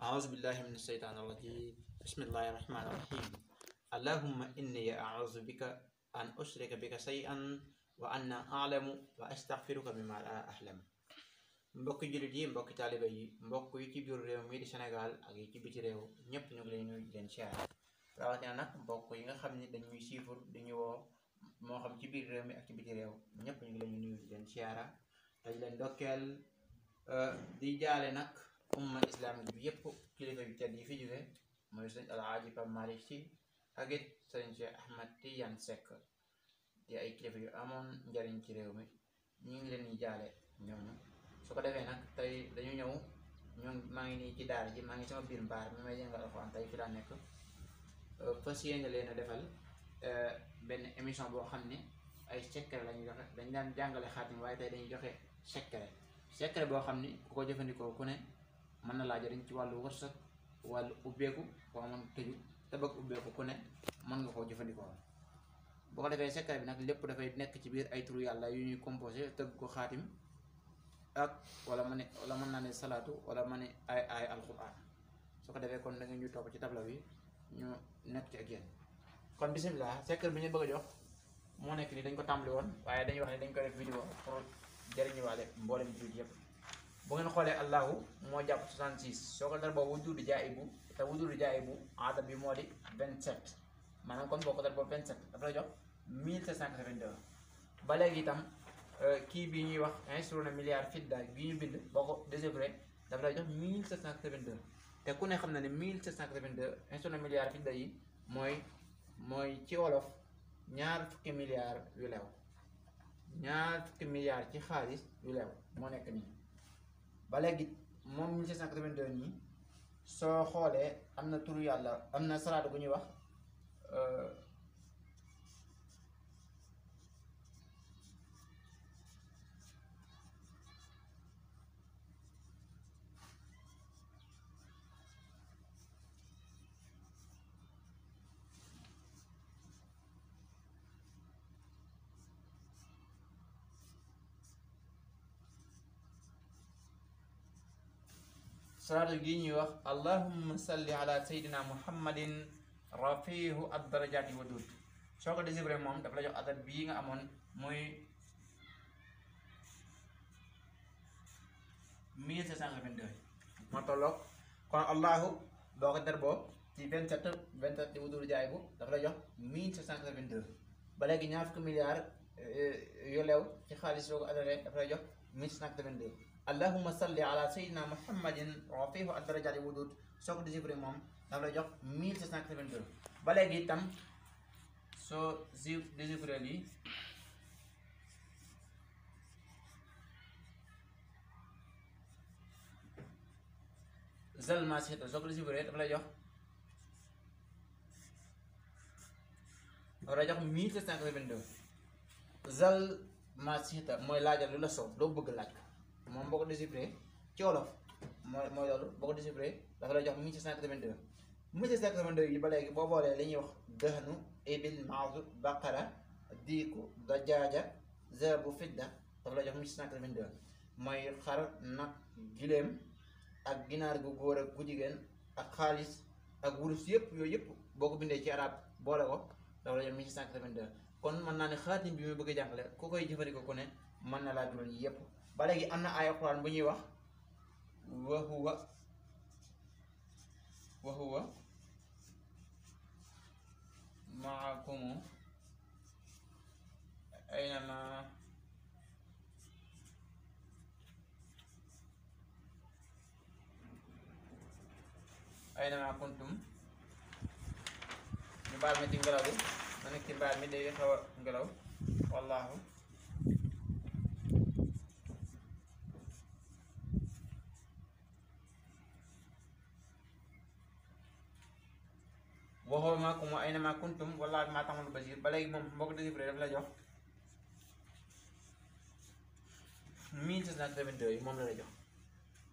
أعوذ بالله من الشيطان الرجيم بسم الله الرحمن الرحيم اللهم إني أعوذ بك أن أشرك بك شيئا وأن أعلم وأستغفرك بما لا أحلم mbokk jullit yi mbokk taaliba yi mbokk yi ci biir réew mi di Sénégal ak yi ci biti réew ñëpp ñu ngi leen nuyu di leen siyaar rawatina nag mbokk yi nga xam ne dañuy siifur dañuy woo moo xam ci biir réew mi ak ci biti réew ñu leen nuyu di leen siyaara dañ leen dokkeel euh, di jaale nag umma islamique bi yëpp kilifa yu tedd yi fi jóge mooy sëñ alaaji pa Malick Sy ak it sëñ Cheikh Ahmad Tidiane sek di ay kilifa yu amon njariñ ci rew mi ñu ngi leen ni jaale ñom su ko defé nak tay dañu ñew ñom ma ngi ni ci daal ji ma ngi sama bir mbaar mi may jàngal ko tay fi laa nek fas yéene leen a defal ben émission bo xam ay secret lañu joxe dañ daan jàngale xaatim waaye tay dañu joxe secret secret bo xam ni ko jëfëndiko ku ne mën na laa jëriñ ci wàllu wërsëg wàllu ubbeeku koo amoon tëju te ubbeeku ku ne mën nga koo jëfandikoo boo ko defee secret bi nag lépp dafay nekk ci biir ay turu yàlla yu ñuy composé tëgg ko xaatim ak ma ne mën naa ne salaatu wala ma ay ay alquran su ko defee kon da nga ñuy topp ci tableau bi ñu nekk ci ak yéen kon laa secret bi ñu bëgg a jox moo nekk nii dañ ko tàmbali woon waaye dañu wax ne dañ ko def vidéo pour jëriñu waale mboolem jullit yëpp boo ngeen xoolee allahu moo jàpp 66 soo ko dara ba wujudu jaayibu te wujudu jaayibu aada bi moo di 27 maanaam kon boo ko dara ba 27 dafa la jox 1782 ba léegi itam euh, kii bi ñuy wax instrument milliard fidda bi ñu bind boo ko désœuvré dafa la jox 1782 te ku ne xam na ne 1782 instrument milliard fidda yi mooy mooy ci wolof ñaar fukki milliard yu lew ñaar fukki milliard ci xaalis yu moo ba léegi moom 1782 nii soo xoolee am na turu yàlla am na salaatu gu ñuy wax euh, salaatu gi ñuy wax allahumma salli ala sayyidina muhammadin rafihu ad darajaati soo ko désibré moom dafa la jox adab bii nga amoon muy 1722 moo tolloog kon allahu boo ko der ci 27 27 di dafa la jox 1722 ba léegi ñaar fukki milliards euh, yu leew ci xaalis soo ko adoré dafa la jox allahuma salli ala sayyidina muhammadin wa fiihu an darajaati wudud soo ko déchiffré moom daf lay jox 1792 ba léegi itam soo déchiffré lii zalma si soo ko déchiffré daf lay jox daf lay jox 1792 zal masita mooy laajal lu la soob loo bëgg laaj moom boo ko déchiffré ci wolof mooy mooy loolu boo ko déchiffré dafa lay jox 1782 1782 yi ba léegi boo boolee li ñuy wax dëhnu ibil maasu baqara diiku dajaaja zabu fidda dafa lay jox 1782 mooy xar nag giléem ak ginaar gu góor ak gu jigéen ak xaalis ak wurus yëpp yooyu yëpp boo ko bindee ci arab boole ko dafa lay jox 1782 kon mën naa ne xaatim bi muy bëgg a ku koy jëfandikoo ko ne mën na laa jural yëpp ba léegi am na aaya Alxuraan bu ñuy wax wa huwa wa huwa maakum aynama aynama kuntum ñu baal ma ci ngelaw bi ma nekk ci baal mi day xaw a ngelaw wallaahu ma kuntum wallahu bima ta'maluna basir ba léegi moom boo ko déchiffré daf lay jox 1782 yi moom la lay jox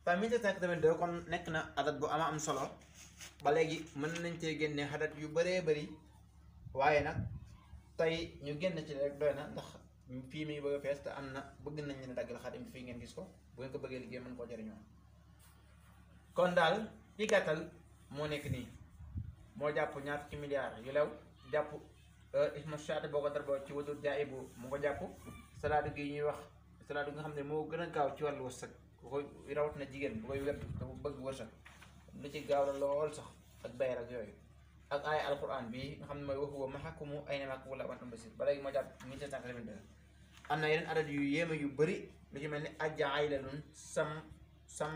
par 1782 kon nek na adat bu ama am solo ba léegi mën nañ ci genné hadat yu bëree bëri waaye nak tay ñu genn ci rek doyna ndax fi mi bëgg fess ta amna bëgg nañ ñu daggal xadim fi ngeen gis ko bu ngeen ko bëggee liggéey man ko jëriñoo kon dal ci gatal mo nek ni moo jàpp ñaat ci milliards yu lew jàpp euh, isma shaati boo ko darboo ci wajur jaay bu mu ko jàpp salaadu gi ñuy wax salaadu nga xam ne moo gën a gaaw ci wàllu wërsëg ku rawat na jigéen bu bëgg wërsëg lu ci gaaw lool sax ak bayar yooyu ak ay alquran bi nga xam ne mooy waxuwa maxakumu ay wala wantam basir ba moo jàpp mille sept cent am na yeneen adat yu yéeme yu bëri lu ci mel ni ajjaay la dun sam sam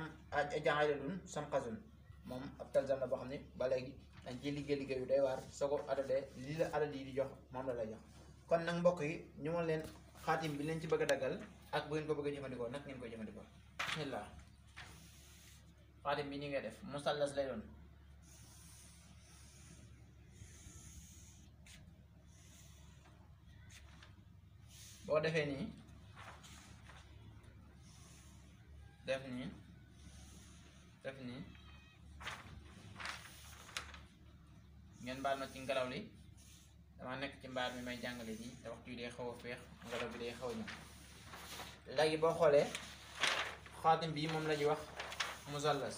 ajjaay la dun sam xasun moom ab talsam la boo xam ne ba léegi dañ ciy liggéey liggéey day waar soo ko adadee lii la adad yi di jox moom la lay jox kon nag mbokk yi ñu ma leen xaatim bi leen ci bëgg a daggal ak bu ngeen ko bëgg a jëfandikoo nag ngeen koy jëfandikoo bismillah xaatim bi ni ngay def musallas lay doon defee nii def nii def nii ngeen baal ma ci ngalaw li dama nek ci mbaar mi may jangale ji te waxtu de day feex ngalaw bi de xaw ni lagi bo xole xoolee bi mom moom wax muzallas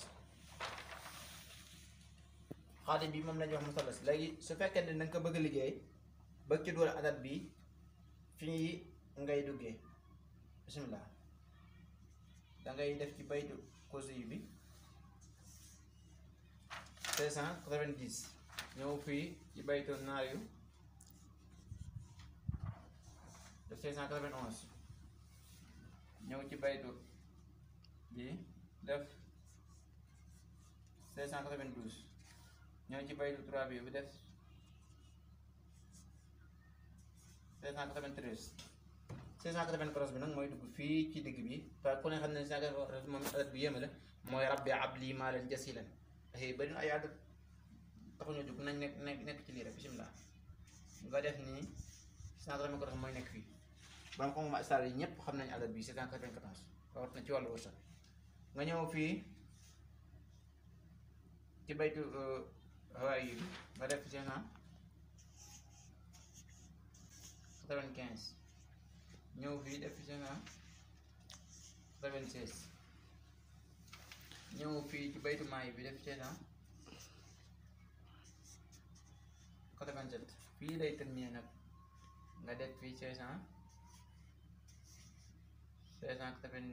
xaatim bi mom la wax muzallas lagi su fekkee ne da nga ko bëgg liggey ba ci dugal adat bi fi ñuy ngay duggé bismillah da ngay def ci baytu kosu yi bi 590 ñëw fii ci baytul naar yu de 591 ñëw ci baytu bi def 592 ñëw ci baytu 3 bi bi def 593 593 bi nag mooy dugg fii ci digg bi parce que ku ne xam ne 593 moom adat bu yéeme la mooy rabbi abli maalan jasilan ay bëri na ay adat taxuñoo jóg nañ nekk nekk ci nga def fii ba mu ko yi xam nañ àll bi c'est cent quatre-vingt-quatorze ci wàllu wërsëg fii ci baytu xawaay euh, yi def cinq cent quatre fii def cinq cent quatre fii ci baytu maay bi def cinq cent జరుగుతుంది feel అవుతుంది నేను గదే ఫీల్ చేసా చేసాకతపైన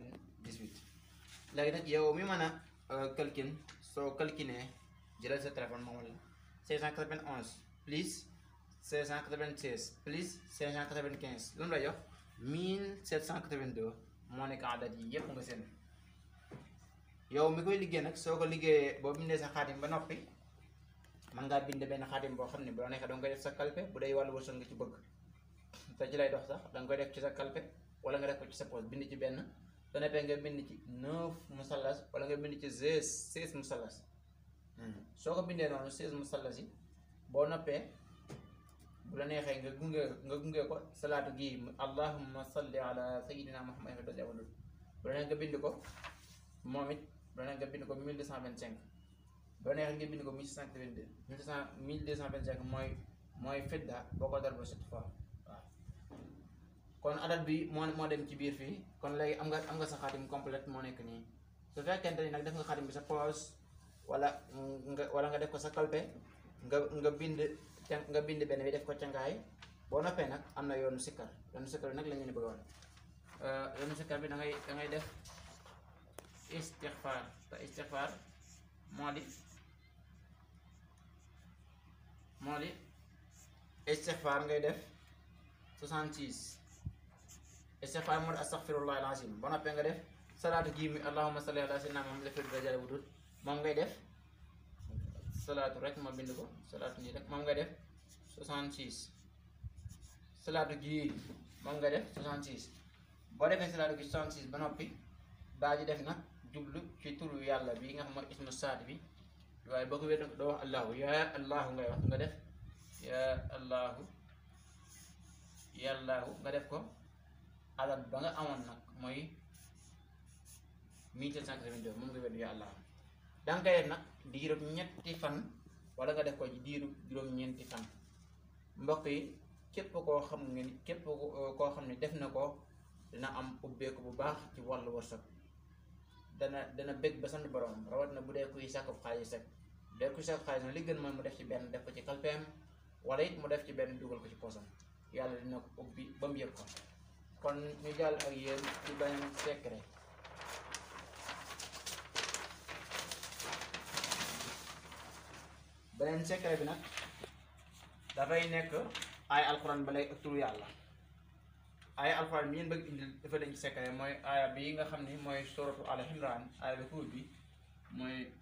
this week లేకపోతే ఏమి మన కలికిన్ సో కలికినే జిల్లా చిత్రపణ మమ్మల్ని చేసాకతపైన ఆన్స్ ప్లీజ్ చేసాకతపైన ప్లీజ్ చేసాకతపైన కేస్ లం రాయో min 782 monika adad yi yépp nga seen yow mi koy liggéey nag soo ko liggéeyee boobu ñu dee sa xaatim ba noppi man ngaa bind benn xaatim boo xam ne bu la neexee danga koy def sa kalpe bu dee wàllu wërsëg nga ci bëgg te ci lay dox sax danga koy def ci sa kalpe wala nga def ko ci sa poos bind ci benn dana pee nga bind ci neuf musallas wala nga bind ci seize seize musallas hmm. soo ko bindee noonu seize musallas yi boo noppee bu la neexee nga gunge nga gunge ko salaatu gii allahumma salli ala sayyidina muhammad bu la neex nga bind ko moom it bu la neex bind ko mille deux cent vingt-cinq ba neexee nga bind ko 1782 1225 mooy mooy fidda boo ko dal ba sept fois waaw kon adat bi moo moo dem ci biir fii kon léegi am nga am nga sa xaatim complète moo nekk nii su fekkente ni nag def nga xaatim bi sa poche wala nga wala nga def ko sa kalpe nga nga bind nga bind benn bi def ko cangaay boo noppee nag am na yoonu sikkar yoonu sikkar eh, bi nag la ñu ne bëgg woon yoonu sikkar bi da ngay da ngay def istixfaar te istixfaar moo di moo di istixfaar ngay def 66 istixfaar moo di astaxfirullahi alazim ba noppee nga def salaatu gii mi allahumma salli ala sayyidina moom la fi dajale wudul moom ngay def salaatu rek ma bind ko salaatu nii rek moom def 66 salaatu gii moom ngay def 66 boo defee salaatu gi 66 ba noppi daa ji def na jublu ci turu yàlla bi nga xam mooy ismu saat bi way boo wé wér nag wax allah ya allah ngay wax nga def allah ya allah nga def ko adam ba nga amone nak moy mille sept cent quatre-vingt-deux moom nga wér yaa allahu danga koy def nag ñetti fan wala nga def ko diiru juroom ñeenti fan mbokk yi képp ko xam nga ni képp xam eh, ni def na ko dina am ko bu baax ci walu wërsëg dana dana bëgg ba sant borom rawat na budé kuy sakku xaliss ak dee ko sàkk xaalis na li gën mooy mu def ci benn def ko ci kalpeem wala it mu def ci benn dugal ko ci poosam yàlla dina ko ubbi ba mu ko kon ñu jàll ak yéen ci beneen secret beneen secret bi nag dafay nekk ay alquran ba lay ak turu yàlla aaya alxuraan bi ngeen bëgg indi dafa denc secret mooy aaya bi nga xam ni mooy suratu al imran aaya bi tuur bi mooy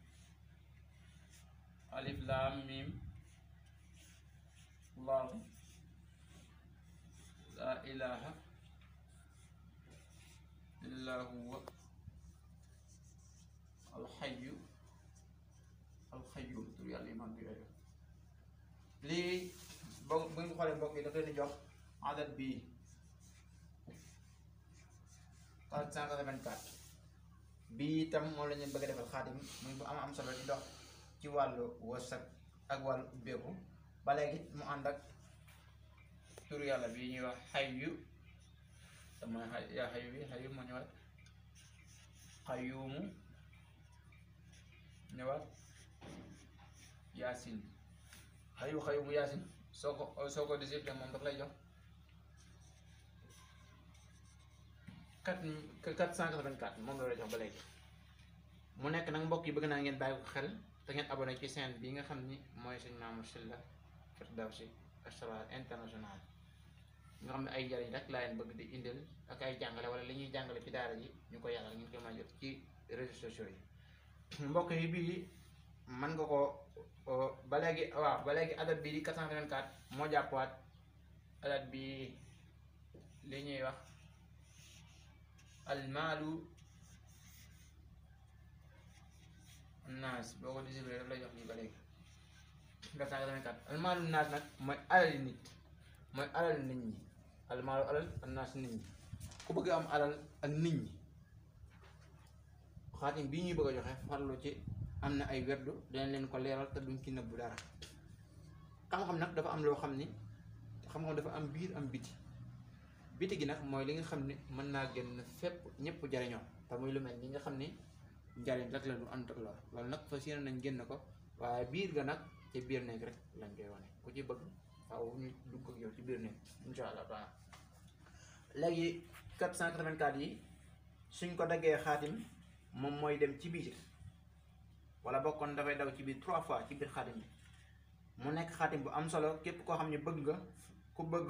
alif lam mim Allah la ilaha illa huwa al hayyu al hayyu tur ya lima bi rajo lii boo bu ngeen xoolee mbokk yi daf leen di jox adat bi 484 bii itam moom la ñu bëgg a defal xaatim muy am am solo di dox ci walu wasak ak walu ubbeeku ba legi mu andak turu yalla bi ñuy wax hayyu te ya hayyu xayyu bi xayyu moo ñëwaat xayyuumu ñëwaat yaasin xayyu xayyuumu yaasin soo soko soo ko disipte moom daf lay jox quatre 484 mom la jox ba legi mu nek nak mbok yi bëgg na ngeen bàyyi ko xel te ngeen abonné ci chaîne bi nga xamni kan moy mooy sëñ Mamour Sylla Firdawsi Asrar International nga xamni ay njariñ rek la leen bëgg di indil ak ay jàngale wala li ñuy jàngale ci daara ji ñuko ko ñu ko koy ci réseaux sociaux yi mbokk yi bi man nga ko ba légui wa ba légui adab bi di 424 moo jàppaat adab bi li ñuy wax malu nas, boko di jibril daf lay jox lii ba leg nga cent quatre kat al malu nas nak moy alal nit moy alal nit ñi malu alal nas nit ñi ku bëgg am alal ak nit ñi xaatim bi ñuy bëgg a joxe farlu ci amna ay werdu danañ leen ko leral te duñ ci nëbbu dara xam-xam nak dafa am lo xamni xam nga dafa am biir am biti biti gi nak moy li nga xamni ne mën naa génn fépp ñëpp jariñoo te lu mel ni nga xamni njariñ rek la ñu ànd ak lool loolu nag fas yéene nañ génn ko waaye biir ga nag ci biir nekk rek lañ koy wone ku ci bëgg waaw ñu dugg ak yow ci biir nekk incha allah taala léegi 484 yi suñ ko daggé xaatim mom moy dem ci biir wala da fay daw ci biir 3 fois ci biir xaatim bi mu nek xaatim bu am solo kep ko xamni bëgg nga ku bëgg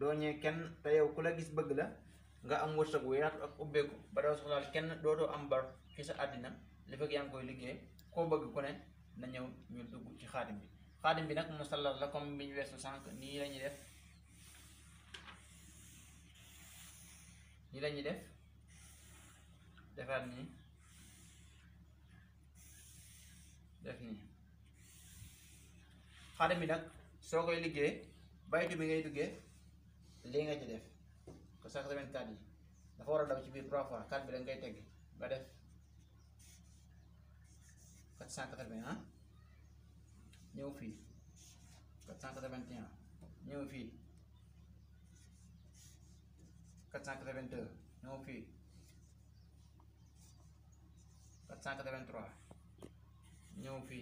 do ñe kenn te yow ku la gis bëgg la nga am wërsëg gu yaatu ak ubbeeku ba doo soxlaal kenn dootoo am bar ci sa àddina li fekk yaa ngi koy liggéey koo bëgg ku ne na ñëw ñu dugg ci xaadim bi xaadim bi nag musallal la comme bi ñu weesu sànq nii la ñuy def nii la ñuy def defaat nii def nii xaadim bi nag soo koy liggéey baytu bi ngay duggee lii nga ci def sacrament kadi dafa wara dam ci biir trois fois kan bi da ngay tegg ba def 481 ñëw fii 481 ñëw fi 482 ñëw fii 483 ñëw fi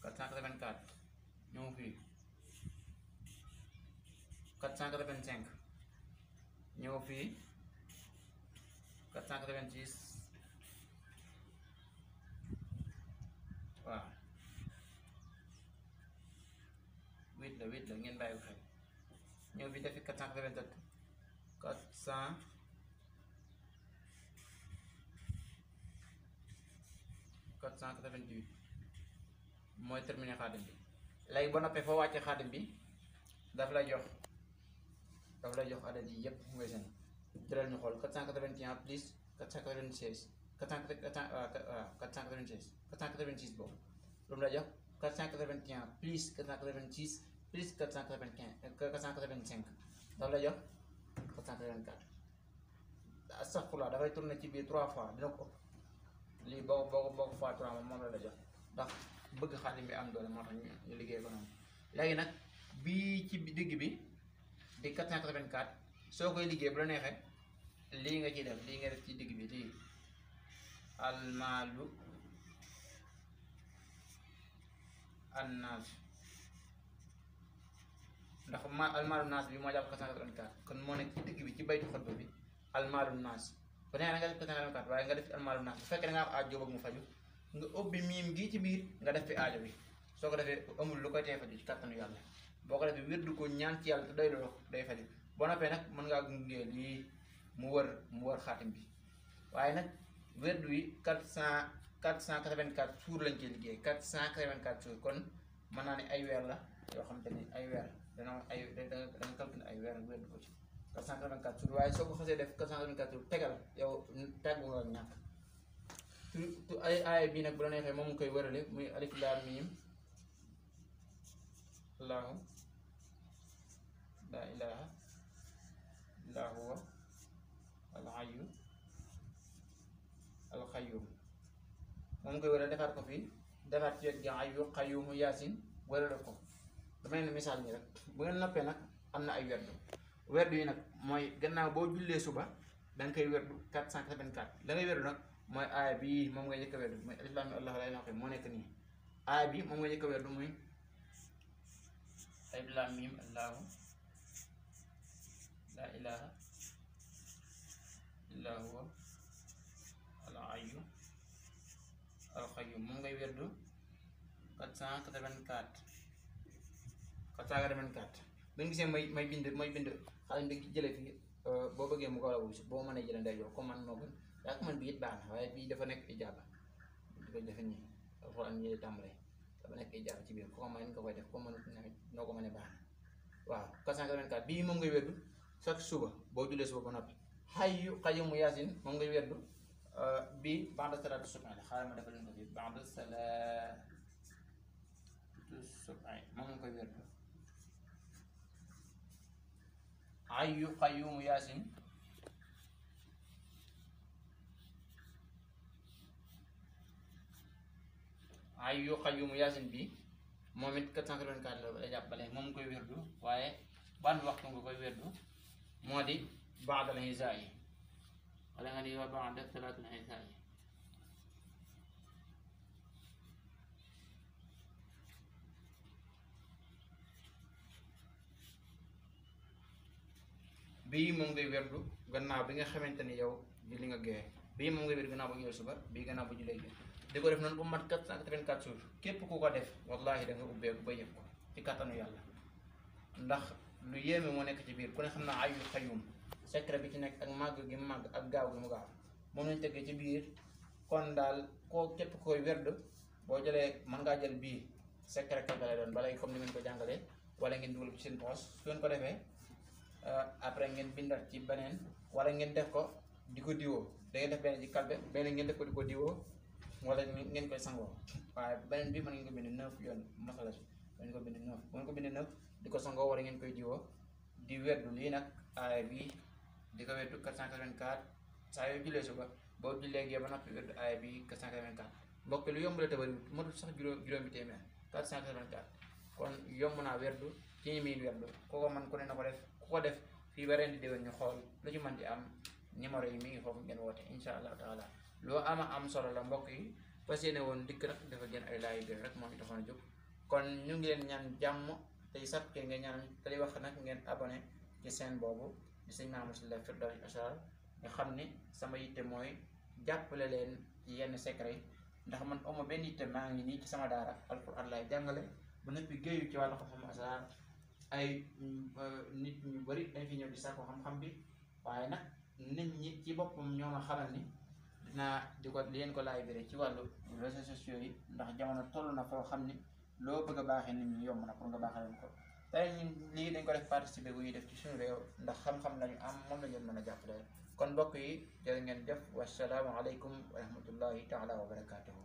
484 ñëw fii 485 nyofi kacang dengan cheese wah wit lah wit lah ngin baik kan nyofi tapi kacang dengan cheese kacang kacang dengan cheese mooy terminer xaadim bi lagi ba noppee foo wàccee bi daf lay jox dafa lay jox adad yi yëpp ngay seen tëral ñu xool 481 plus 496 496 496 boobu lu mu lay jox 481 plus 486 plus 495 485 dafa lay jox 484 astaxfirullah dafay tourné ci biir trois fois dina ko ëpp lii boo ko boo ko fois trois moom moom la la jox ndax bëgg xaatim bi am doole moo tax ñu liggéey ko noonu léegi nag bii ci digg bi di 484 soo koy liggéey bu la neexee lii nga ciy def lii nga def ci digg bi lii almaalu annaas ndax ma almaalu naas bi moo jàpp 484 kon moo nekk ci digg bi ci bay baytu xutba bi almaalu naas bu neexee nga def 484 waaye nga def ci almaalu naas bu fekkee da nga ubbi miim gii ci biir nga def fi aajo bi soo ko defee amul lu koy tee faju ci kàttanu yàlla boo ko defee wirdu ko ñaan ci yàlla te doy loo day fajit boo noppee nag mën ngaa gunge lii mu wër mu wër xaatim bi waaye nag wirdu wi quatre cent quatre cent quatre-vingt-quatre jours lañ koy liggéey quatre cent quatre-vingt-quatre jours kon mën naa ne ay weer la yoo xam te ni ay weer dana ay da nga calculer ay weer wirdu ko ci quatre cent quatre-vingt-quatre jours waaye soo ko xasee def quatre cent quatre-vingt-quatre jours tegal yow tàggu nga ñàkk tu ay aaya bii nag bu la neexee moom ngi koy wërale muy alif laam miim allahu laa ilaha illa alxayu alxayum moom koy war a defaat ko fii defaat ci wet gi ayu xayumu yaasin wala def ko dama leen misaal ñi rek bu ngeen noppee nag am na ay werdu yi nag mooy gannaaw boo jullee suba da nga koy werdu 484 da ngay werdu nag mooy aaya bi moom nga njëkk a mooy alif laam miim nekk nii aaya bi moom nga njëkk a werdu muy alif laa ilaha illa huwa al hayyu al qayyum moom ngay werdu 484 484 bu ñu gisee may may bind may bind xale bi jële fii euh, boo bëggee mu ko war a wusu boo mënee jëlee ndeyjoor comme man moo gën yaa ko man bi it baax na waaye bii dafa nekk ijaaba di ko defe nii dafa nekk ijaaba ci biir ko man nga koy def ko mën noo ko baax na waaw 484 bii moom ngay wéddu chaque suba boo jullee suba ba noppi hayyu qayyumu yaasin moom nga weddu euh, bi ba'da salaatu subhi la xaaral ma defal leen ko bi ba'da salaatu subhi moom nga koy weddu hayyu qayyumu yaasin hayyu qayyumu jàppale moom nga koy weddu waaye ban waxtu nga koy weddu ماضي بعد العزاء ولغني وبعد الثلاث العزاء bii moom ngay werdu gannaaw bi nga xamante ni yow julli nga géewe bii moom ngay werdu gannaaw ba ñëw suba bii gannaaw ba jullee géewe di ko def noonu bu mat 484 jours képp ku ko def wallahi da nga ubbeeku ba yëpp ko ci kattanu yàlla ndax lu yéeme moo nekk ci biir ku ne xam na ayul xayum secret bi ci nekk ak màgg gi màgg ak gaaw gi mu gaaw moom lañ tëggee ci biir kon daal koo képp koy werd boo jëlee mën ngaa jël bii secret ka lay doon balay comme ni ngeen ko jàngalee wala ngeen dugal ci seen poos su ngeen ko defee euh, après ngeen bindal ci beneen wala ngeen def ko di ko diwoo da ngeen def benn ci kalbe beneen ngeen def ko di ko diwoo wala ngeen koy sangoo waaye beneen bi mën ngeen ko bind neuf yoon masala si ngeen ko bind neuf ngeen ko bind neuf diko sango Dikosongo ngeen koy jiwo di weddu li nak ay bi diko ko weddu 484 yo jule so ba bo jule ge ba nopi weddu ay bi 484 mbokk lu yomb la te mo matul sax juro mi teme 484 kon yomb naa weddu ci ñi miin weddu kooko man ko ne na ko def ku ko def fi bare ndi di ñu xol lu ci man di am numéro yi mi ngi fofu ngeen wote inshallah taala lo ama am solo la mbokk yi fasiyene won dik rek dafa gën ay lay gën rek mo ngi taxone juk kon ñu ngi leen ñaan jamm تيسات كي نغي تلي واخ نك نين ابوني ci seen boobu di sëñ Mamour Sylla Firdaws Asrar ñu xam ni sama yitte mooy jàppale leen ci yenn secret ndax man oma benn yitte ma ngi nii ci sama daara alquran lay jàngale bu noppi géeyu ci wàllu xam asal asrar ay nit ñu bari dañ fi ñëw di sàkku xam-xam bi waaye nag nit ñi ci boppam ñoo ma xamal ni dinaa di ko leen ko laay bire ci wàllu réseaux sociaux yi ndax jamono toll na fo xam ni lool bëgg a baaxee nit ñi yomb a pour nga baaxee leen ko tey ñun lii dañ ko def participer bu ñuy def ci suñu réew ndax xam-xam lañu am moom la ngeen mën a jàppale kon mbokk yi jërë ngeen jëf wasalaamualeykum wa rahmatullahi taala wa barakaatuhu